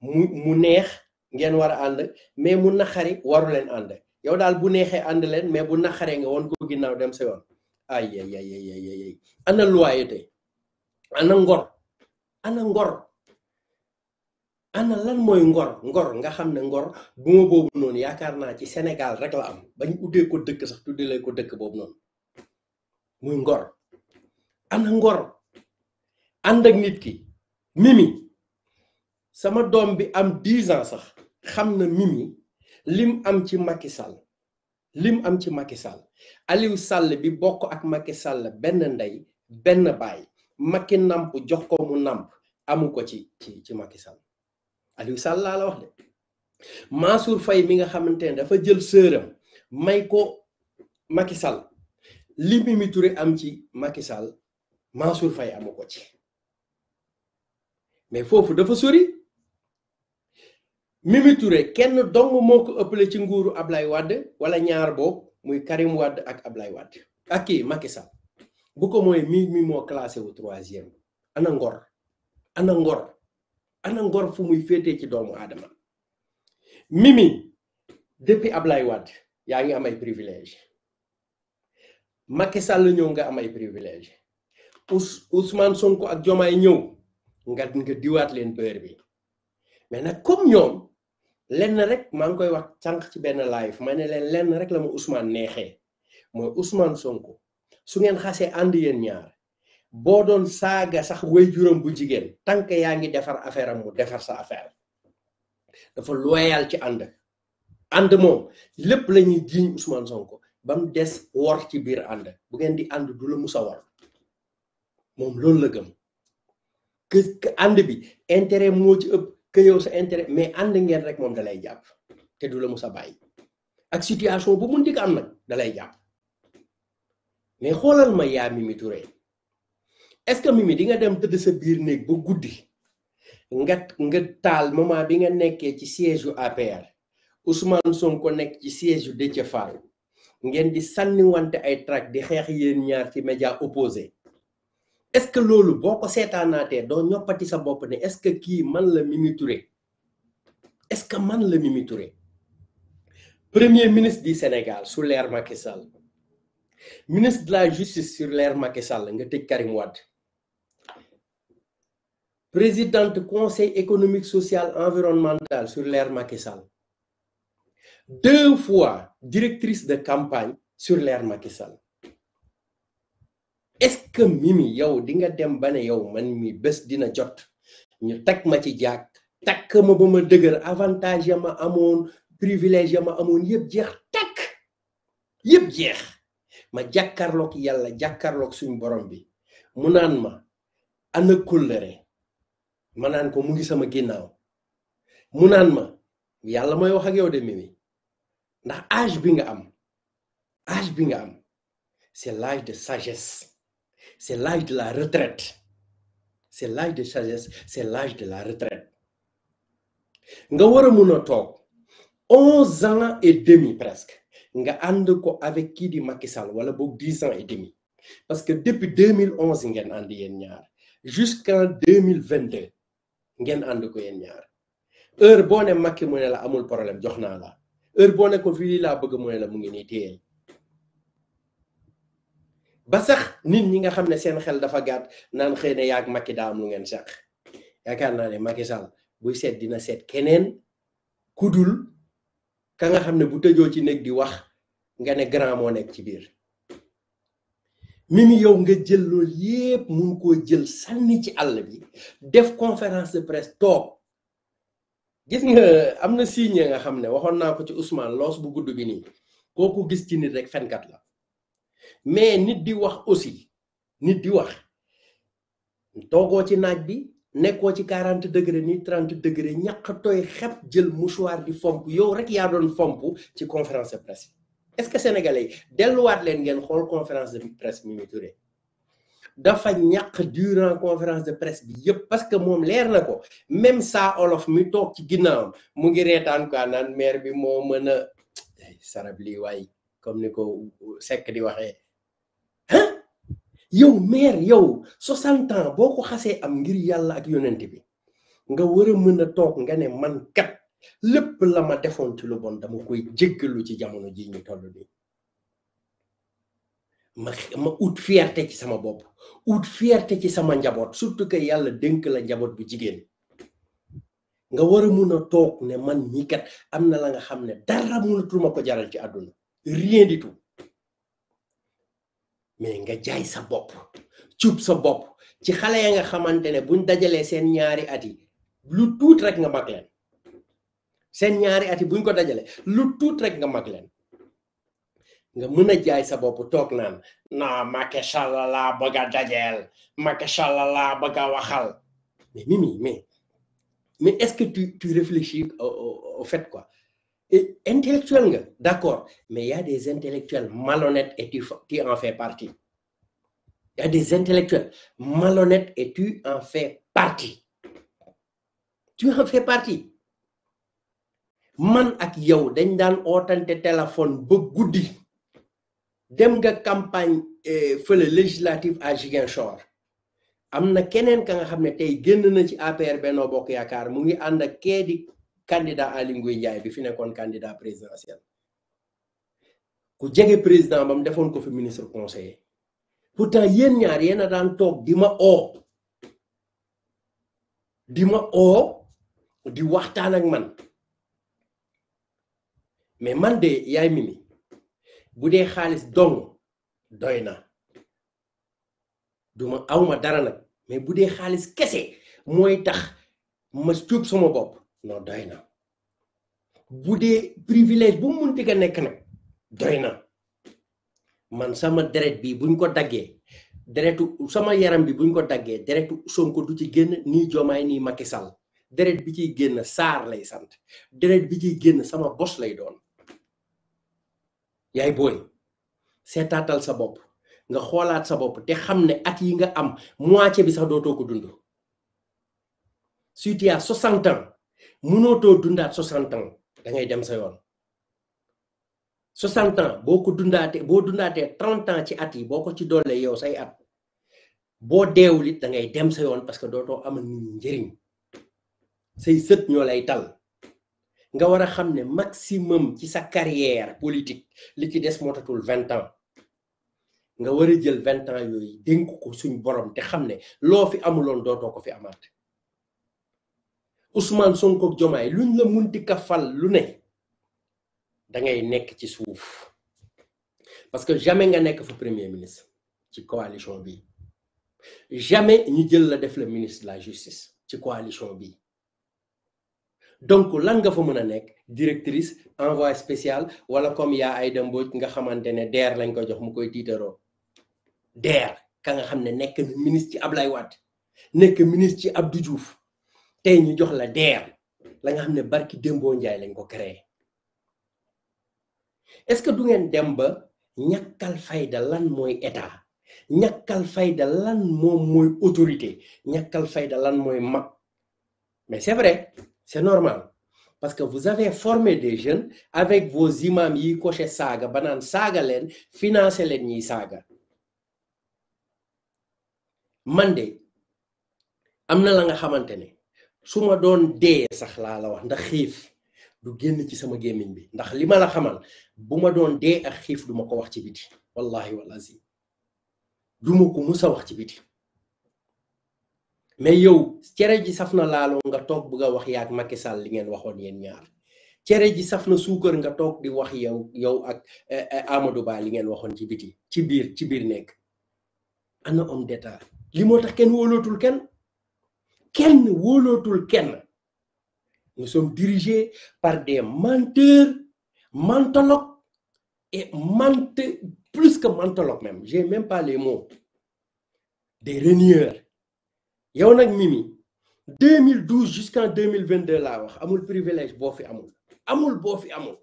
mu mu neex ngeen war a ànd mais mu naxari waru leen ànd yow daal bu neexee ànd leen mais bu naxaree nga woon ko ginnaaw dem sa yoon ay ay ay ay ay ana loyauté ana ngor ana ngor ana lan mooy ngor ngor nga xam ne ngor bu ma boobu noonu yaakaar naa ci Sénégal rek la am bañ uddee ko dëkk sax tuddalee ko dëkk boobu noonu muy ngor ana ngor ànd ak nit ki mimi sama doom bi am dix ans sax xam na Mimi lim am ci Macky Sall lim am ci Macky Sall Aliou Sall bi bokk ak Macky Sall benn ndey benn baay makki namp jox ko mu namp amu ko ci ci ci Macky Sall Aliou laa la wax de Mansour fay mi nga xamante ne dafa jël sëram may ko Macky Sall li Mimi Touré am ci Macky Sall Mansour Faye amu ko ci mais foofu dafa sori. Mimi Touré kenn dong moo ko ëppale ci nguuru ablay Wade wala ñaar boobu muy Karim Wade ak ablay Wade ak kii Macky bu ko mooy mi mi moo classé wu troisième ana ngor ana ngor ana ngor fu muy féetee ci doomu aadama Mimi depuis ablay Wade yaa ngi am ay privilège Macky Sall ñëw nga am ay privilège Ous Ousmane Sonko ak Diomaye ñëw nga nga diwaat leen beurre bi mais nag comme ñoom lenn rek maa ngi koy wax sànq ci benn live ma ne leen lenn rek la ma Ousmane neexee mooy Ousmane Sonko su ngeen xasee ànd yéen ñaar boo doon saaga sax waajuram bu jigéen tànk yaa ngi defar affaire am mu defar sa affaire dafa loyal ci ànd ànd moom lépp lañuy ñuy jiiñ Sonko ba mu des wor ci biir ànd bu ngeen di ànd du la musa wor moom loolu la gëm que ànd bi intérêt moo ci ëpp que yow sa intérêt mais and ngeen rek mom dalay japp té du la musa bay ak situation bu mën dik am nak dalay japp mais xolal ma ya mimi Touré est ce que mimi di nga dem teud sa bir néeg bu goudi nga nga tal moment bi nga nekké ci siège APR Ousmane Sonko nek ci siège ngeen di sanni wante ay track di xex yeen ñaar ci média opposés est-ce que loolu boo ko seetaanaatee doo ñoppati sa bopp ne est-ce que kii man la mimituré est-ce que man la mimituré premier ministre du Sénégal sur l'ère Macky ministre de la justice sur l'ère Macky Sall nga Karim Wade présidente conseil économique social environnemental sur l'ère Macky deux fois directrice de campagne sur l'ère Macky est-ce que mimi yow di nga dem bané yow man mi bes dina jot ñu tek ma ci jak tak ma ba ma avantage ya ma amone privilège ya ma amone yeb jeex tak yeb jeex ma jàkkarloog yàlla jàkkarloog suñ borom bi mu nan ma ana kóllëre ma nan ko mu ngi sama ginnaw mu nan ma yalla mooy wax ak yow de mimi ndax âge bi nga am âge bi nga am c'est l'âge de sagesse c'est l'âge de la retraite. C'est l'âge de sagesse, c'est l'âge de la retraite. Ngawara Munoto, 11 ans et demi presque. Nga andoko avec qui dit Makisal, voilà beaucoup 10 ans et demi. Parce que depuis 2011, nga andi yennyar. Jusqu'en 2022, nga andoko yennyar. Heure bonne et Makimunela amul problème, j'en ai là. Heure bonne et Kofili la bogumunela mungini tiye. ba sax nit ñi nga xamne seen xel dafa gàtt nan xeyna yaak Macky Sall lu ngeen sax yaakar na ni Macky Sall bu set dina set keneen kudul ka nga xamne bu tejo ci nek di wax nga ne grand mo nek ci bir mimi yow nga jël yépp ko jël sanni ci bi def conférence de presse tok gis nga amna na signe nga xamne waxon na ko ci Ousmane loss bu guddu bi ni koku gis ci nit rek fenkat la mais nit di wax aussi nit di wax toogoo ci naaj bi nekkoo ci quarante degré ni trente degré ñàkk tooy xep jël mouchoir di fomp yow rek yaa doon fomp ci conférence de presse est-ce que sénégalais yi delluwaat leen ngeen xool conférence de mu Mimi Touré dafa ñàkk durant conférence de presse bi yëpp parce que moom leer na ko même saa olof mi toog ci ginnaawam mu ngi reetaan quoi naan maire bi moo mën a eh, sarab lii waay comme ni ko Seck di waxee ah yow maire yow 60 ans boo ko xasee am ngir yàlla ak yonent bi nga war a mën a toog nga ne man kat lépp la ma defoon ci lu bon dama koy jéggalu ci jamono ji ñu toll nii ma ma ut fierté ci sama bopp ut fierté ci sama njaboot surtout que yàlla dénk la njaboot bu jigéen war a mun a toog ne man ñi kat am na la nga xam ne dara mënatuma ko jaral ci àdduna rien du tout mais nga jaay sa bop ciup sa bop ci xalé ya nga xamantene buñ dajalé sen ñaari ati lu tout rek nga maglen sen ñaari ati buñ ko dajalé lu tout rek nga maglen nga mëna jaay sa bop tok naan na ma ka shalla la a dajel ma ka shalla la a waxal mais mimi mais mais est ce que tu tu réfléchis au, au, au fait quoi Et intellectuel, d'accord, mais il y a des intellectuels malhonnêtes et tu, en fais partie. Il y a des intellectuels malhonnêtes et tu en fais partie. Tu en fais partie. man ak yow dañ daan ootante téléphone ba goudi. dem nga campagne eh, fële législative à Ziguinchor am na keneen ka nga xam ne tey na ci APR Benno Bokk Yaakaar mu ngi ànd candidat Aly Ngouille Ndiaye bi fi nekkoon candidat présidentiel ku jege président ba mu defoon ko fi ministre conseiller pourtant yéen ñaar yéen a daan toog di ma oo di ma oo di waxtaan ak man mais man de yaay mi Mimi bu dee xaalis dong doy na duma awma dara nag mais bu dee xaalis kese mooy tax ma cuub sama bopp non doy na bu dee privilège bu mu munti ga nekk na doy na man sama deret bi buñ ko daggee deretu sama yaram bi buñ ko daggee deretu Sonko du ci génn nii Diomaye nii Macky Sall deret bi ciy génn saar lay sant deret bi ci génn sama bos lay doon yaay booy seetaatal sa bopp nga xoolaat sa bopp te xam ne at yi nga am moitié bi sax dootoo ko dund si tu as ans munootoo dundaat 60 ans da ngay dem sa yoon 60 ans boo ko dundaatee boo dundaatee 30 ci at yi boo ko ci doolee yow say at boo deewul it dangay ngay dem sa yoon parce que dootoo amal nit ñi njëriñ say sët ñoo lay tal nga war a xam ne maximum ci sa carrière politique li ci des mootatul vingt ans nga war a jël vingt ans yooyu dénk ko suñ borom te xam ne loo fi amuloon dootoo ko fi amaat Ousmane Sonko Diomaye luñ la qui ka fait parce que jamais premier ministre ci coalition bi jamais ñu jël la def le ministre de la justice ci coalition donc lan directrice envoi spécial wala comme ya nga DER lañ ko jox koy titero. DER ka nga ministre ministre tey ñu jox la DER la nga xam ne barki Dembo Njaay lañ ko créé est-ce que du ngeen dem ba ñàkkal lan mooy état ñakkal fayda lan moom mooy autorité ñàkkal fayda lan mooy mag mais c'est vrai c'est normal parce que vous avez formé des jeunes avec vos imams yi coché saaga ba naan saaga leen financé leen ñiy saaga man de am na la nga xamante ne su ma doon dee sax laa la wax ndax xiif du génn ci sama gémmiñ bi ndax li ma la xamal bu ma doon dee ak xiif du ma ko wax ci biti wallahi wal azim du ma ko mus a wax ci biti mais yow cere ji saf na laaloo nga toog bëgg a wax yaag Macky Sall li ngeen waxoon yéen ñaar cere ji saf na suukar nga toog di wax yow yow ak eh, eh, Amadou Ba li ngeen waxoon ci biti ci biir ci biir nekk ana homme d'état li moo tax kenn wóolootul kenn nous sommes dirigés par des menteurs mentologues et mente plus que mentologues même j'ai même pas les mots des renieurs yow Mimi 2012 jusqu'en 2022 là wax amul privilège bofi amul amul bofi amul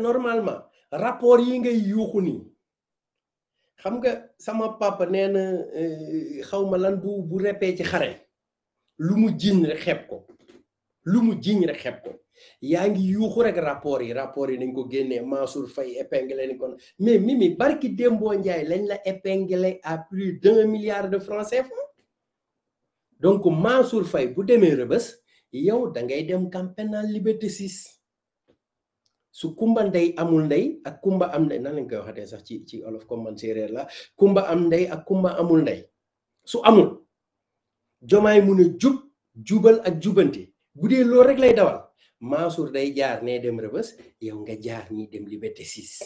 normalement rapport yi ngay xam nga sama papa nee na eh, xaw ma lan bu bu repee ci xare lu mu jiñ rek xeeb ko lu mu jiñ rek xeeb ko yaa ngi yuuxu rek rapport yi rapport yi nañ ko génnee Mansour fay épinglé ni kon mais Mimi barki Dembo Ndiaye lañ la épinglé à plus d'un milliard de francs CFA donc Mansour fay bu demee rëbës yow da ngay dem camp pénal liberté 6 su kumba ndey amul ndey ak kumba am ndey nan lañ koy waxatee sax ci ci olof séeréer la kumba am ndey ak kumba amul ndey su amul jomaay mun a jub jubal ak jubanti gudee loo loolu rek lay dawal Mansour day jaar nee dem Rebeuss yow nga jaar nii dem Liberté 6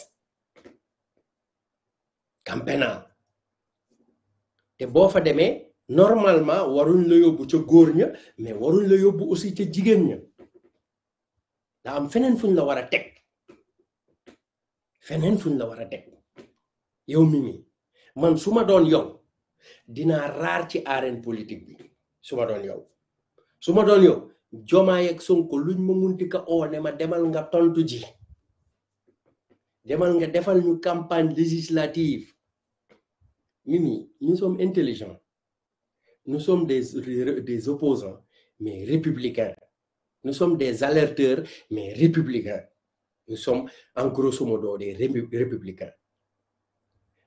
Camp pénal te boo fa demee normalement waruñ la yóbbu ca góor ña mais waruñ la yóbbu aussi ca jigéen ña daa am feneen fuñ la war a teg feneen fuñ la war a yow mi mi man suma ma doon yow dina raar ci arène politique bi suma ma doon yow suma doon yow jomaay ak Sonko luñ ma munti ka ne ma demal nga tontu ji demal nga defal ñu campagne législative mimi nous sommes intelligents nous sommes des des opposants mais républicains nous sommes des alerteurs mais républicains nous sommes en grosso modo des républicains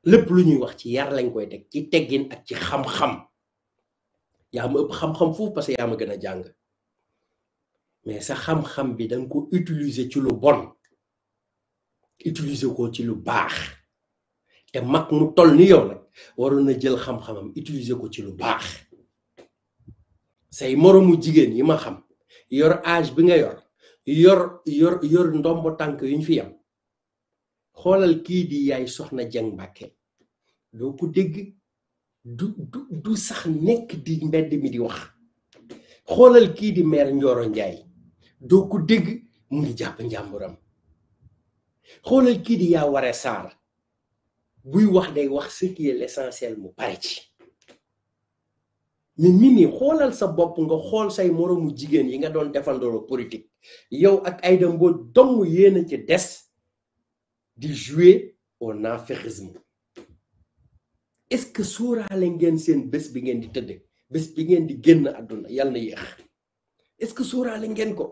lépp lu ñuy wax ci yar lañ koy teg ci teggin ak ci xam-xam yaa ma ëpp xam-xam foofu parce que yaa ma gën a jàng mais sa xam-xam bi danga ko utiliser ci lu bon utiliser ko ci lu baax té mak mu toll ni yow nak waroon na jël xam-xamam utiliser ko ci lu baax say moromu jigen yi ma xam yor âge bi nga yor yor yor yor ndombo tank yuñ fi yam xolal ki di yaay soxna jeng mbacke do ko deg du du du sax nek di mbedd mi di wax xolal ki di mer ndoro njay do ko deg mu ngi japp njamburam xolal ki di ya waré sar buy wax day wax ce qui est l'essentiel mu paré ci ni ni xolal sa bop nga xol say moromu jigen yi nga don defal politique yow ak Aïda Mbodj dong yéen a ci des di jouer au naaféqisme est-ce que sóoraale ngeen seen bés bi ngeen di tëdde bés bi ngeen di génn àdduna yàlla na yéex est-ce que sóoraale ngeen ko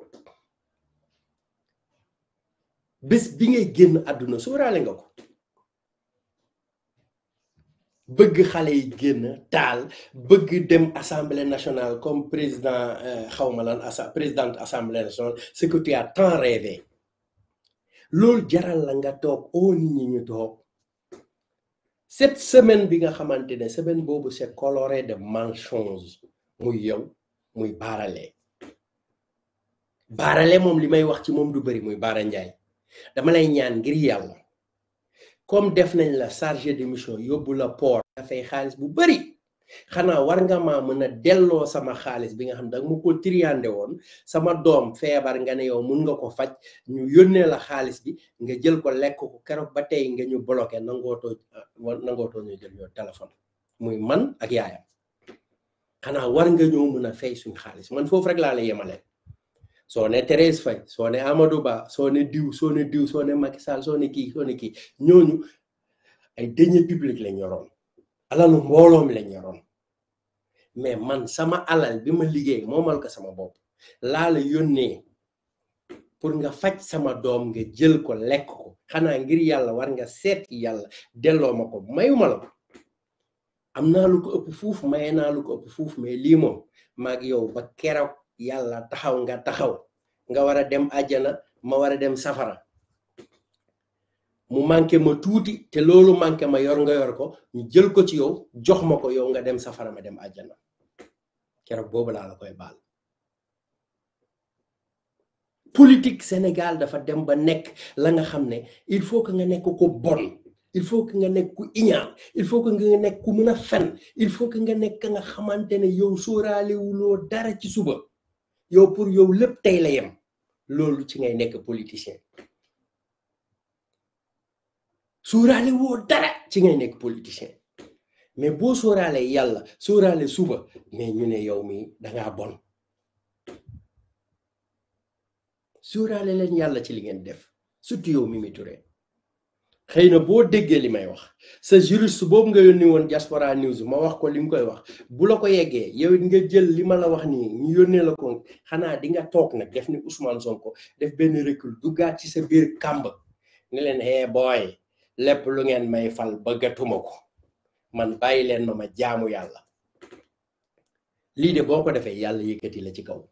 bés bi ngay génn àdduna sóoraale nga ko bëgg xale yi génn taal bëgg dem assemblée nationale comme président euh, xawma lan asa présidente assemblée nationale ce que tu as tant rêvé loolu jaral la nga toog oo nit ñi ñu toog cette semaine bi nga xamante ne semaine boobu c'est coloré de malchance muy yow muy baarale baarale moom li may wax ci moom du bëri muy baara njaay dama lay ñaan ngir yàlla comme def nañ la chargé de mission yóbbu la port dafay xaalis bu bari xanaa war nga maa mën a delloo sama xaalis bi nga xam ne danga ko triandé woon sama doom feebar nga ne yow mun nga ko faj ñu yónnee la xaalis bi nga jël ko lekk ko keroog ba tey nga ñu bloqué nangootoo ah, nangootoo ñu jël yow téléphone muy man ak yaayam xanaa war nga ñoo mën a fey suñu xaalis man foofu rek laa la yemale soone therese fay soone amadou ba soone diw soone diw soone makisal soone ki soone ki ñooñu ay dernier public lañ yoroon alalu mbooloom lañ yoroon mais man sama alal bi ma liggéey moomal ko sama bopp laa la yónnee pour nga faj sama doom nga jël ko lekk ko xanaa ngir yàlla war nga seet yàlla delloo ma ko mayuma la ko am naa lu ko ëpp fuuf maye naa lu ko ëpp fuuf mais lii moom maag yow ba keroog yalla taxaw nga taxaw nga wara dem aljana ma wara dem safara mu manke ma tuti te loolu manke ma yor nga yor ko ñu jël ko ci yow jox mako yow nga dem safara ma dem aljana kéro bobu la la koy bal politique Sénégal dafa dem ba nek la nga xamné il faut que nga nek ko bon il faut que nga nek ku il faut que nga nek ku il faut que nga nek nga ne yow wulo dara ci suba yow pour yow lépp tey la yem loolu ci ngay nekk politicien sóoraale woo dara ci ngay nekk politicien mais boo sóoraale yàlla sóoraale suuba mais ñu ne yow mi dangaa bon sóoraale leen yàlla ci li ngeen def surtout yow Mimi Touré xëy na boo déggee li may wax sa juriste boobu nga yónni woon diaspora news ma wax ko li mu koy wax bu la ko yeggee yow it nga jël li ma la wax nii ñu yónnee la ko xanaa di nga toog nag def ni Ousmane ko def benn recul duggaat ci sa biir kàmb ne leen eh booy lépp lu ngeen may fal bëggatuma ko man bàyyi leen ma ma jaamu yàlla lii de boo ko defee yàlla yëkkati la ci kaw